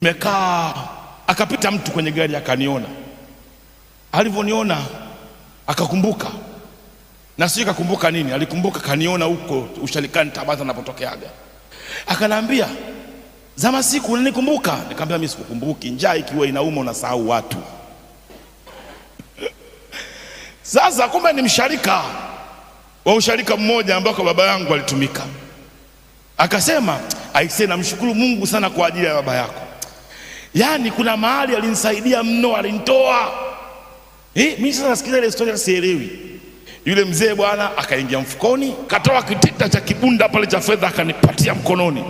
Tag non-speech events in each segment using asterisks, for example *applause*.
Nimekaa akapita mtu kwenye gari akaniona. Alivyoniona akakumbuka, na sio kakumbuka nini, alikumbuka kaniona huko ushalikani Tabata napotokeaga, akanaambia zama siku unanikumbuka? Nikamwambia mimi sikukumbuki, njaa ikiwa inauma unasahau watu. *laughs* Sasa kumbe ni msharika wa usharika mmoja ambako baba yangu alitumika. Akasema aisee, namshukuru Mungu sana kwa ajili ya baba yako Yaani kuna mahali alinisaidia mno, alinitoa eh. Mimi sasa nasikiza ile story sielewi. Yule mzee bwana akaingia mfukoni, katoa kitita cha kibunda pale cha fedha, akanipatia mkononi.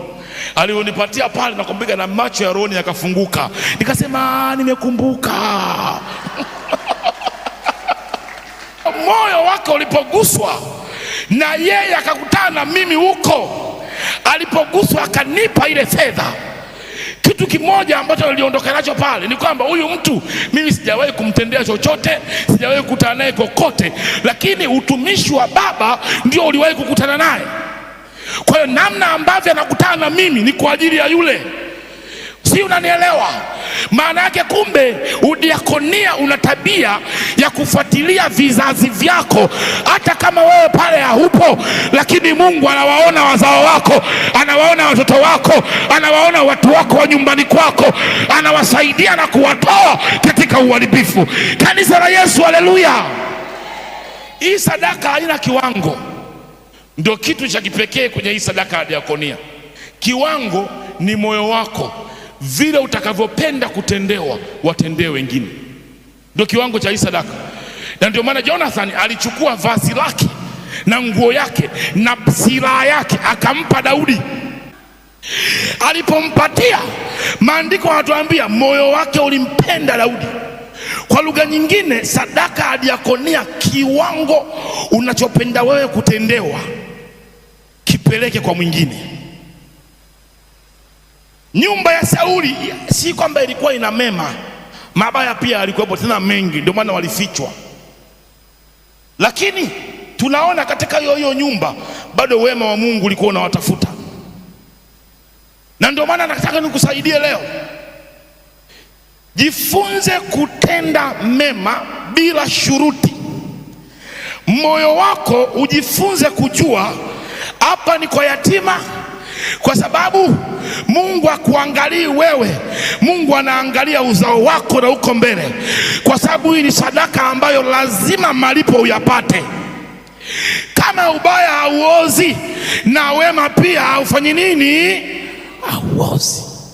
Alionipatia pale, nakumbuka na macho ya roni yakafunguka, nikasema nimekumbuka. *laughs* Moyo wake ulipoguswa na yeye akakutana na mimi huko, alipoguswa akanipa ile fedha. Kitu kimoja ambacho aliondoka nacho pale ni kwamba huyu mtu mimi sijawahi kumtendea chochote, sijawahi kukutana naye kokote, lakini utumishi wa baba ndio uliwahi kukutana naye. Kwa hiyo namna ambavyo anakutana na mimi ni kwa ajili ya yule si unanielewa? Maana yake kumbe, udiakonia una tabia ya kufuatilia vizazi vyako, hata kama wewe pale haupo, lakini Mungu anawaona wazao wako, anawaona watoto wako, anawaona watu wako wa nyumbani kwako, anawasaidia na kuwatoa katika uharibifu. Kanisa la Yesu, haleluya! Hii sadaka haina kiwango, ndio kitu cha kipekee kwenye hii sadaka ya diakonia. Kiwango ni moyo wako vile utakavyopenda kutendewa watendee wengine. Ndio kiwango cha hii sadaka, na ndio maana Jonathan alichukua vazi lake na nguo yake na silaha yake akampa Daudi. Alipompatia, maandiko yanatuambia moyo wake ulimpenda Daudi. Kwa lugha nyingine, sadaka ya diakonia, kiwango unachopenda wewe kutendewa kipeleke kwa mwingine. Nyumba ya Sauli si kwamba ilikuwa ina mema, mabaya pia yalikuwepo, tena mengi, ndio maana walifichwa. Lakini tunaona katika hiyo hiyo nyumba bado wema wa Mungu ulikuwa unawatafuta, na ndio maana nataka nikusaidie leo, jifunze kutenda mema bila shuruti. Moyo wako ujifunze kujua hapa ni kwa yatima kwa sababu Mungu akuangalii wewe, Mungu anaangalia uzao wako na uko mbele, kwa sababu hii ni sadaka ambayo lazima malipo uyapate. Kama ubaya hauozi na wema pia haufanyi nini, hauozi.